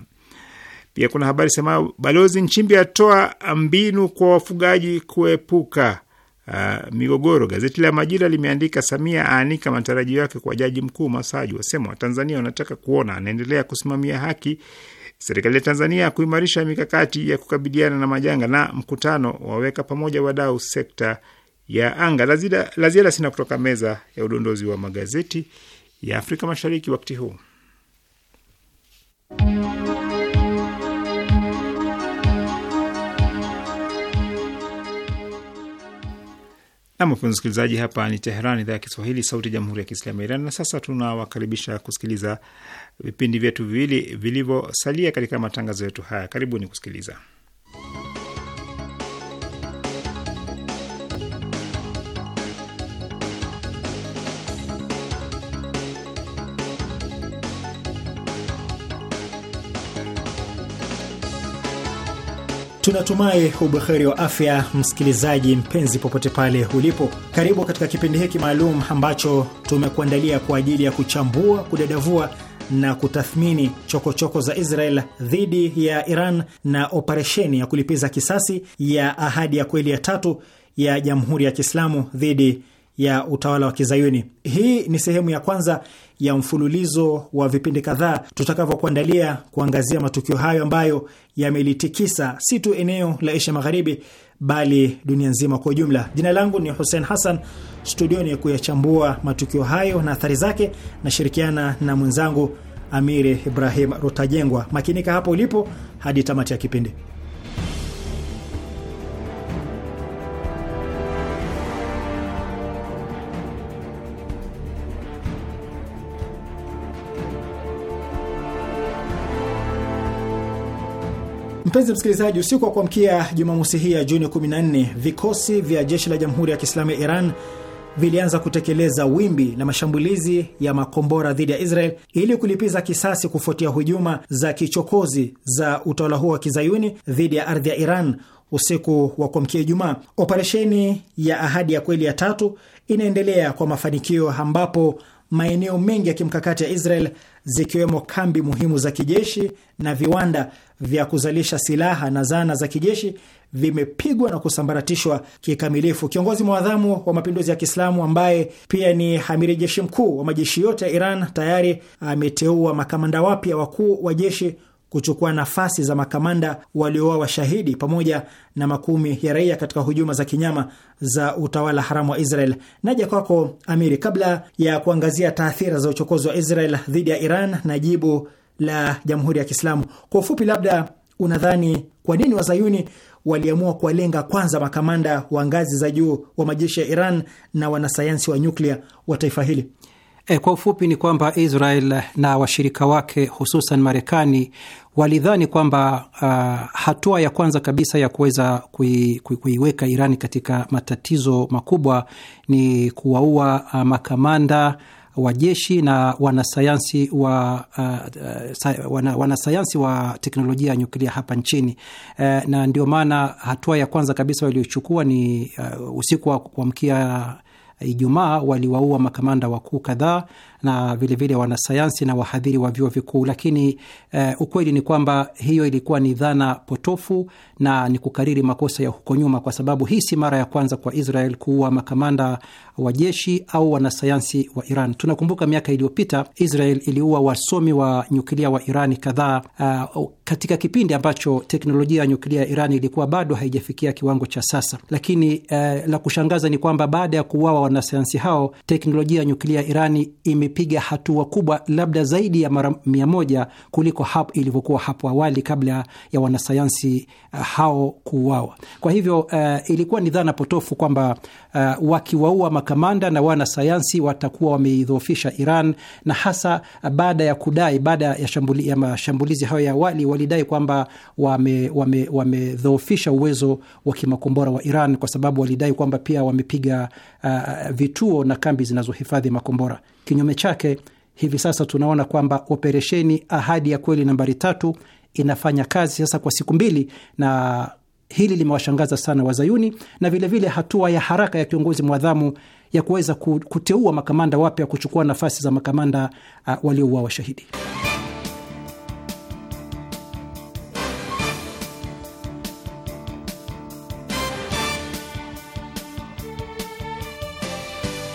pia kuna habari sema balozi Nchimbi atoa mbinu kwa wafugaji kuepuka uh, migogoro. Gazeti la Majira limeandika Samia aanika matarajio yake kwa jaji mkuu Masaji, wasema Watanzania wanataka kuona anaendelea kusimamia haki serikali ya Tanzania kuimarisha mikakati ya kukabiliana na majanga na mkutano waweka pamoja wadau sekta ya anga. La ziada sina kutoka meza ya udondozi wa magazeti ya Afrika Mashariki wakati huu. Nam wapenzi msikilizaji, hapa ni Teheran, idhaa ya Kiswahili, sauti ya jamhuri ya kiislamu ya Iran. Na sasa tunawakaribisha kusikiliza vipindi vyetu viwili vilivyosalia katika matangazo yetu haya. Karibuni kusikiliza Tunatumai ubuheri wa afya, msikilizaji mpenzi, popote pale ulipo. Karibu katika kipindi hiki maalum ambacho tumekuandalia kwa ajili ya kuchambua, kudadavua na kutathmini chokochoko choko za Israel dhidi ya Iran na operesheni ya kulipiza kisasi ya Ahadi ya Kweli ya Tatu ya Jamhuri ya Kiislamu dhidi ya utawala wa Kizayuni. Hii ni sehemu ya kwanza ya mfululizo wa vipindi kadhaa tutakavyokuandalia kuangazia matukio hayo ambayo yamelitikisa si tu eneo la Asia Magharibi bali dunia nzima kwa ujumla. Jina langu ni Hussein Hassan, studioni kuyachambua matukio hayo na athari zake, nashirikiana na mwenzangu Amiri Ibrahim Rutajengwa. Makinika hapo ulipo hadi tamati ya kipindi. Mpenzi msikilizaji, usiku wa kuamkia Jumamosi hii ya Juni 14 vikosi vya jeshi la Jamhuri ya Kiislamu ya Iran vilianza kutekeleza wimbi la mashambulizi ya makombora dhidi ya Israel ili kulipiza kisasi kufuatia hujuma za kichokozi za utawala huo wa kizayuni dhidi ya ardhi ya Iran usiku wa kuamkia Ijumaa. Operesheni ya Ahadi ya Kweli ya tatu inaendelea kwa mafanikio ambapo maeneo mengi ya kimkakati ya Israel zikiwemo kambi muhimu za kijeshi na viwanda vya kuzalisha silaha na zana za kijeshi vimepigwa na kusambaratishwa kikamilifu. Kiongozi mwadhamu wa mapinduzi ya Kiislamu ambaye pia ni amiri jeshi mkuu wa majeshi yote ya Iran tayari ameteua makamanda wapya wakuu wa jeshi kuchukua nafasi za makamanda walioa washahidi pamoja na makumi ya raia katika hujuma za kinyama za utawala haramu wa Israel. Naja kwako Amiri, kabla ya kuangazia taathira za uchokozi wa Israel dhidi ya Iran na jibu la Jamhuri ya Kiislamu, kwa ufupi, labda unadhani kwa nini wazayuni waliamua kuwalenga kwanza makamanda wa ngazi za juu wa majeshi ya Iran na wanasayansi wa nyuklia wa taifa hili? E, kwa ufupi ni kwamba Israel na washirika wake hususan Marekani walidhani kwamba uh, hatua ya kwanza kabisa ya kuweza kui, kui, kuiweka Irani katika matatizo makubwa ni kuwaua uh, makamanda wa jeshi na wanasayansi wa, uh, uh wana, wanasayansi wa teknolojia ya nyuklia hapa nchini uh, na ndio maana hatua ya kwanza kabisa waliochukua ni uh, usiku wa kuamkia Ijumaa waliwaua makamanda wakuu kadhaa na vilevile vile wanasayansi na wahadhiri wa vyuo vikuu, lakini eh, ukweli ni kwamba hiyo ilikuwa ni dhana potofu na ni kukariri makosa ya huko nyuma, kwa sababu hii si mara ya kwanza kwa Israel kuua makamanda wa jeshi au wanasayansi wa Iran. Tunakumbuka miaka iliyopita Israel iliua wasomi wa nyukilia wa Irani kadhaa, uh, katika kipindi ambacho teknolojia ya nyukilia ya Iran ilikuwa bado haijafikia kiwango cha sasa. Lakini uh, la kushangaza ni kwamba baada ya kuuawa wanasayansi hao teknolojia ya nyukilia ya Irani ime imepiga hatua kubwa, labda zaidi ya mara mia moja kuliko hapo ilivyokuwa hapo awali kabla ya wanasayansi eh, hao kuuawa. Kwa hivyo uh, ilikuwa ni dhana potofu kwamba uh, wakiwaua makamanda na wanasayansi watakuwa wameidhoofisha Iran, na hasa baada ya kudai, baada ya, shambuli, ya mashambulizi hayo ya awali walidai kwamba wamedhoofisha wame, wame uwezo wa kimakombora wa Iran kwa sababu walidai kwamba pia wamepiga uh, vituo na kambi zinazohifadhi makombora kinyume chake, hivi sasa tunaona kwamba operesheni Ahadi ya Kweli nambari tatu inafanya kazi sasa kwa siku mbili, na hili limewashangaza sana Wazayuni na vilevile vile hatua ya haraka ya kiongozi mwadhamu ya kuweza kuteua makamanda wapya kuchukua nafasi za makamanda uh, waliouawa shahidi.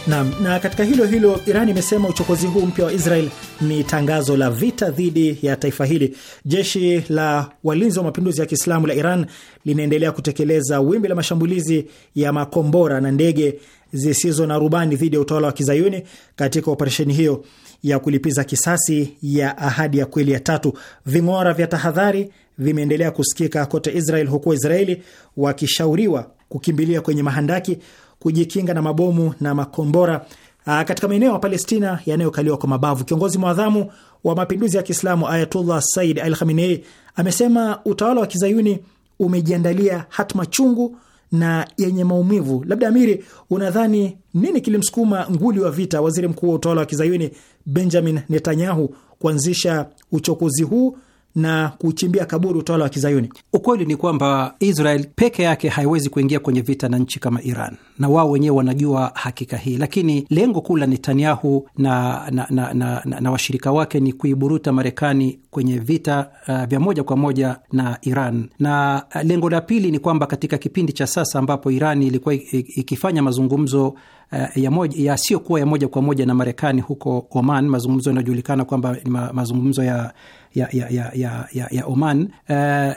Na, na katika hilo hilo Iran imesema uchokozi huu mpya wa Israel ni tangazo la vita dhidi ya taifa hili. Jeshi la walinzi wa mapinduzi ya Kiislamu la Iran linaendelea kutekeleza wimbi la mashambulizi ya makombora na ndege zisizo na rubani dhidi ya utawala wa Kizayuni katika operesheni hiyo ya kulipiza kisasi ya ahadi ya kweli ya tatu. Ving'ora vya tahadhari vimeendelea kusikika kote Israel huku Waisraeli wakishauriwa kukimbilia kwenye mahandaki kujikinga na mabomu na makombora ah, katika maeneo ya Palestina yanayokaliwa kwa mabavu. Kiongozi mwadhamu wa mapinduzi ya Kiislamu Ayatullah Said Al Khamenei amesema utawala wa kizayuni umejiandalia hatma chungu na yenye maumivu. Labda Amiri, unadhani nini kilimsukuma nguli wa vita, waziri mkuu wa utawala wa kizayuni Benjamin Netanyahu kuanzisha uchokozi huu na kuchimbia kaburi utawala wa Kizayuni. Ukweli ni kwamba Israel peke yake haiwezi kuingia kwenye vita na nchi kama Iran, na wao wenyewe wanajua hakika hii, lakini lengo kuu la Netanyahu na, na, na, na, na, na washirika wake ni kuiburuta Marekani kwenye vita uh, vya moja kwa moja na Iran, na uh, lengo la pili ni kwamba katika kipindi cha sasa ambapo Iran ilikuwa ikifanya mazungumzo Eh, ya moja kuwa ya moja kwa moja na Marekani huko Oman, mazungumzo yanayojulikana kwamba ni mazungumzo ya ya, ya, ya, ya, ya Oman. Uh,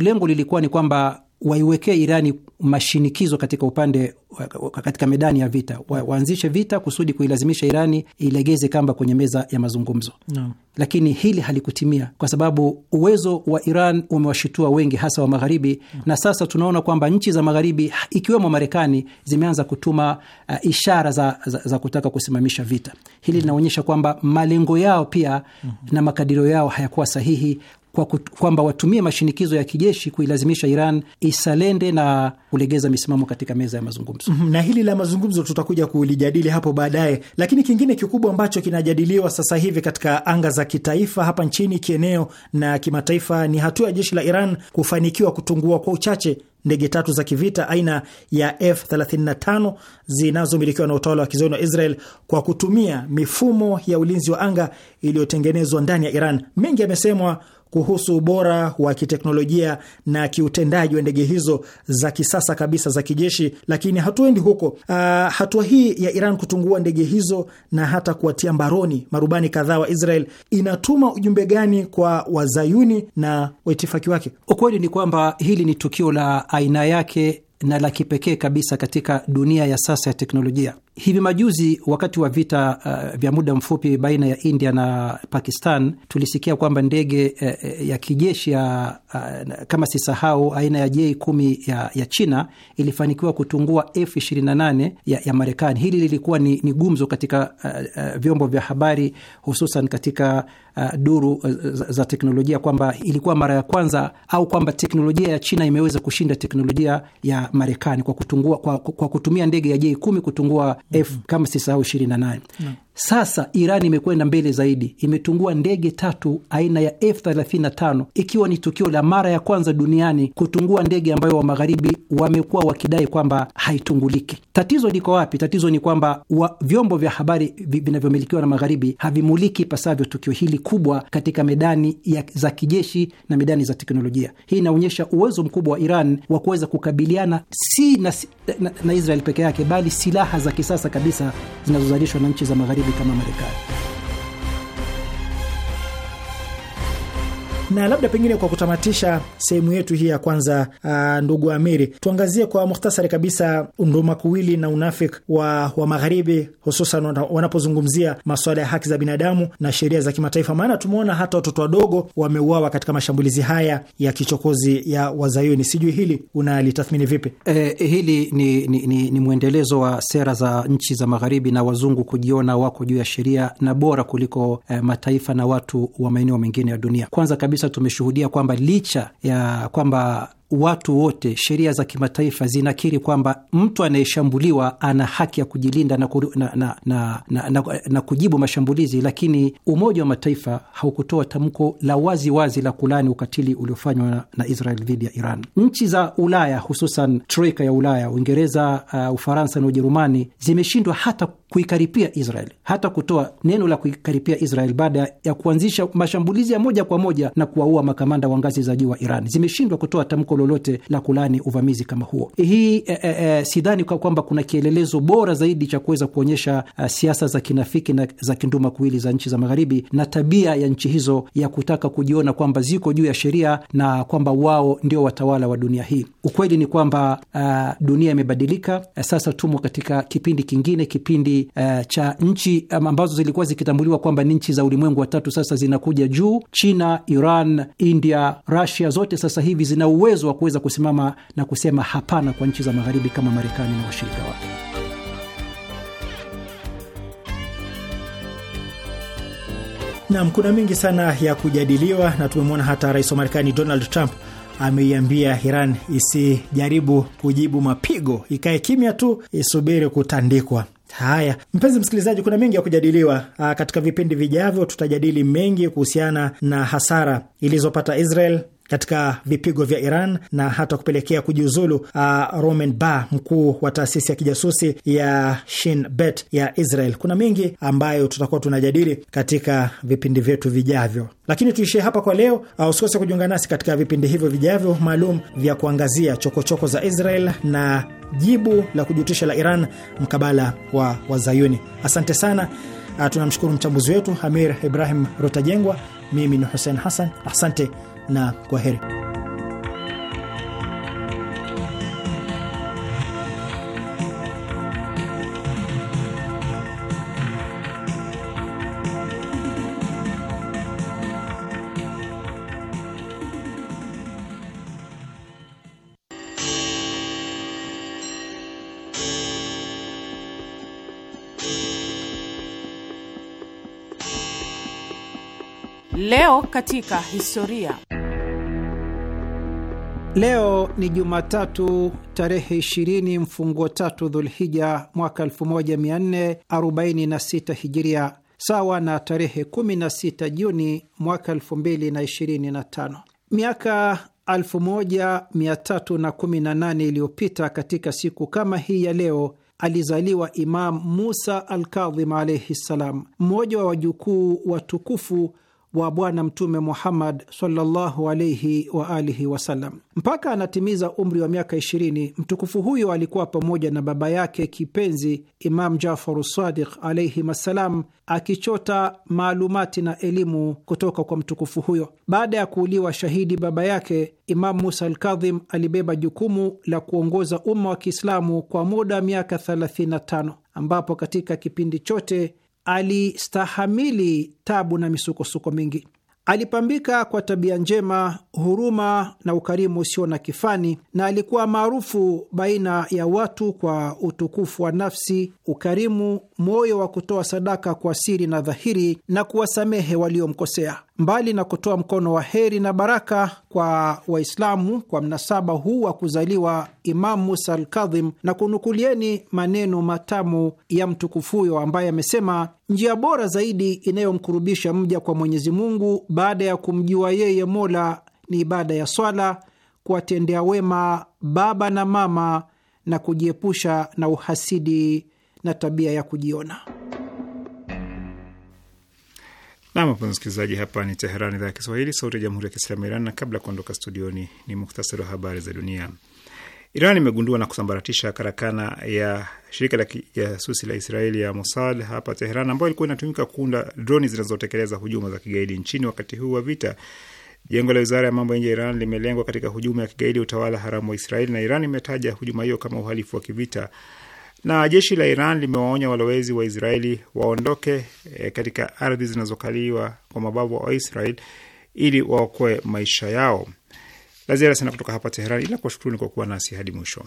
lengo lilikuwa ni kwamba waiwekee Irani mashinikizo katika upande katika medani ya vita, waanzishe vita kusudi kuilazimisha Irani ilegeze kamba kwenye meza ya mazungumzo no. Lakini hili halikutimia kwa sababu uwezo wa Iran umewashitua wengi, hasa wa Magharibi no. Na sasa tunaona kwamba nchi za Magharibi ikiwemo Marekani zimeanza kutuma uh, ishara za, za, za kutaka kusimamisha vita. Hili linaonyesha no. kwamba malengo yao pia no. Mm-hmm. na makadirio yao hayakuwa sahihi, kwa kwamba watumie mashinikizo ya kijeshi kuilazimisha Iran isalende na kulegeza misimamo katika meza ya mazungumzo. Mm -hmm, na hili la mazungumzo tutakuja kulijadili hapo baadaye, lakini kingine kikubwa ambacho kinajadiliwa sasa hivi katika anga za kitaifa hapa nchini, kieneo na kimataifa ni hatua ya jeshi la Iran kufanikiwa kutungua kwa uchache ndege tatu za kivita aina ya F35 zinazomilikiwa na utawala wa kizayuni wa Israel kwa kutumia mifumo ya ulinzi wa anga iliyotengenezwa ndani ya Iran. Mengi yamesemwa kuhusu ubora wa kiteknolojia na kiutendaji wa ndege hizo za kisasa kabisa za kijeshi, lakini hatuendi huko. Uh, hatua hii ya Iran kutungua ndege hizo na hata kuwatia mbaroni marubani kadhaa wa Israel inatuma ujumbe gani kwa wazayuni na waitifaki wake? Ukweli ni kwamba hili ni tukio la aina yake na la kipekee kabisa katika dunia ya sasa ya teknolojia. Hivi majuzi wakati wa vita uh, vya muda mfupi baina ya India na Pakistan tulisikia kwamba ndege uh, uh ya kijeshi ya uh, kama sisahau aina ya J10 ya, ya China ilifanikiwa kutungua F28 ya, ya Marekani. Hili lilikuwa ni, ni gumzo katika uh, uh, vyombo vya habari hususan katika uh, duru uh, za, za teknolojia kwamba ilikuwa mara ya kwanza au kwamba teknolojia ya China imeweza kushinda teknolojia ya Marekani kwa, kutungua, kwa, kwa kutumia ndege ya j kumi kutungua F kama sisahau 28. Sasa Iran imekwenda mbele zaidi, imetungua ndege tatu aina ya F35 ikiwa ni tukio la mara ya kwanza duniani kutungua ndege ambayo wa magharibi wamekuwa wakidai kwamba haitunguliki. Tatizo liko wapi? Tatizo ni kwamba wa vyombo vya habari vinavyomilikiwa na magharibi havimuliki ipasavyo tukio hili kubwa katika medani ya za kijeshi na medani za teknolojia. Hii inaonyesha uwezo mkubwa wa Iran wa kuweza kukabiliana si na, na, na Israel peke yake, bali silaha za kisasa kabisa zinazozalishwa na nchi za magharibi magharibi kama Marekani. Na labda pengine kwa kutamatisha sehemu yetu hii ya kwanza, uh, ndugu Amiri, tuangazie kwa muhtasari kabisa ndumakuwili na unafiki wa, wa magharibi hususan wanapozungumzia masuala ya haki za binadamu na sheria za kimataifa, maana tumeona hata watoto wadogo wameuawa katika mashambulizi haya ya kichokozi ya Wazayuni. Sijui hili unalitathmini vipi? Eh, eh, hili ni, ni, ni, ni mwendelezo wa sera za nchi za magharibi na wazungu kujiona wako juu ya sheria na bora kuliko eh, mataifa na watu wa maeneo mengine ya dunia. Kwanza kabisa sasa tumeshuhudia kwamba licha ya kwamba watu wote, sheria za kimataifa zinakiri kwamba mtu anayeshambuliwa ana haki ya kujilinda na, kuru, na, na, na, na, na, na kujibu mashambulizi, lakini Umoja wa Mataifa haukutoa tamko la wazi wazi la kulani ukatili uliofanywa na, na Israel dhidi ya Iran. Nchi za Ulaya hususan troika ya Ulaya, Uingereza, uh, Ufaransa na Ujerumani zimeshindwa hata kuikaripia Israel, hata kutoa neno la kuikaripia Israel baada ya kuanzisha mashambulizi ya moja kwa moja na kuwaua makamanda wa ngazi za juu wa Iran. Zimeshindwa kutoa tamko lolote la kulani uvamizi kama huo. Hii e, e, sidhani kwa kwamba kuna kielelezo bora zaidi cha kuweza kuonyesha uh, siasa za kinafiki na za kinduma kuwili za nchi za Magharibi na tabia ya nchi hizo ya kutaka kujiona kwamba ziko juu ya sheria na kwamba wao ndio watawala wa dunia hii. Ukweli ni kwamba uh, dunia imebadilika. Uh, sasa tumo katika kipindi kingine, kipindi uh, cha nchi um, ambazo zilikuwa zikitambuliwa kwamba ni nchi za ulimwengu wa tatu, sasa zinakuja juu. China, Iran, India, Russia zote sasa hivi zina uwezo uwezo wa kuweza kusimama na kusema hapana kwa nchi za magharibi kama Marekani na washirika wake. Nam, kuna mengi sana ya kujadiliwa na tumemwona hata rais wa Marekani Donald Trump ameiambia Iran isijaribu kujibu mapigo, ikae kimya tu, isubiri kutandikwa. Haya, mpenzi msikilizaji, kuna mengi ya kujadiliwa. katika vipindi vijavyo tutajadili mengi kuhusiana na hasara ilizopata Israel katika vipigo vya Iran na hata kupelekea kujiuzulu uh, Roman Ba, mkuu wa taasisi ya kijasusi ya Shin Bet ya Israel. Kuna mengi ambayo tutakuwa tunajadili katika vipindi vyetu vijavyo, lakini tuishie hapa kwa leo. Uh, usikose kujiunga nasi katika vipindi hivyo vijavyo maalum vya kuangazia chokochoko choko za Israel na jibu la kujutisha la Iran mkabala wa Wazayuni. Asante sana. Uh, tunamshukuru mchambuzi wetu Amir Ibrahim Rutajengwa. Mimi ni Hussein Hassan, asante na kwa heri. Leo katika historia. Leo ni Jumatatu tarehe 20 mfunguo tatu Dhulhija mwaka 1446 Hijiria, sawa na tarehe 16 Juni mwaka 2025. Miaka 1318 iliyopita katika siku kama hii ya leo alizaliwa Imam Musa Alkadhim alaihi ssalam, mmoja wa wajukuu watukufu wa Bwana Mtume Muhammad sallallahu alaihi wa alihi wasallam. Mpaka anatimiza umri wa miaka 20, mtukufu huyo alikuwa pamoja na baba yake kipenzi Imam Jafaru Sadiq alaihim assalam, akichota maalumati na elimu kutoka kwa mtukufu huyo. Baada ya kuuliwa shahidi baba yake, Imam Musa Alkadhim alibeba jukumu la kuongoza umma wa Kiislamu kwa muda wa miaka 35 ambapo katika kipindi chote alistahamili tabu na misukosuko mingi. Alipambika kwa tabia njema, huruma na ukarimu usio na kifani, na alikuwa maarufu baina ya watu kwa utukufu wa nafsi, ukarimu, moyo wa kutoa sadaka kwa siri na dhahiri, na kuwasamehe waliomkosea mbali na kutoa mkono wa heri na baraka kwa Waislamu kwa mnasaba huu wa kuzaliwa Imamu Musa Alkadhim, na kunukulieni maneno matamu ya mtukufu huyo ambaye amesema, njia bora zaidi inayomkurubisha mja kwa Mwenyezi Mungu baada ya kumjua yeye Mola ni ibada ya swala, kuwatendea wema baba na mama, na kujiepusha na uhasidi na tabia ya kujiona. Nam wapenzi msikilizaji, hapa ni Teheran, idhaa ya Kiswahili, sauti ya jamhuri ya kiislamu ya Iran. Na kabla ya kuondoka studioni, ni muktasari wa habari za dunia. Iran imegundua na kusambaratisha karakana ya shirika la kijasusi la Israeli ya Mossad hapa Teheran, ambayo ilikuwa inatumika kuunda droni zinazotekeleza hujuma za kigaidi nchini wakati huu wa vita. Jengo la wizara ya mambo ya nje ya Iran limelengwa katika hujuma ya kigaidi utawala haramu wa Israeli, na Iran imetaja hujuma hiyo kama uhalifu wa kivita na jeshi la Iran limewaonya walowezi wa Israeli waondoke e, katika ardhi zinazokaliwa kwa mabavu wa Israeli ili waokoe maisha yao. La sana kutoka hapa teherani ila kuwashukuruni kwa kuwa nasi hadi mwisho.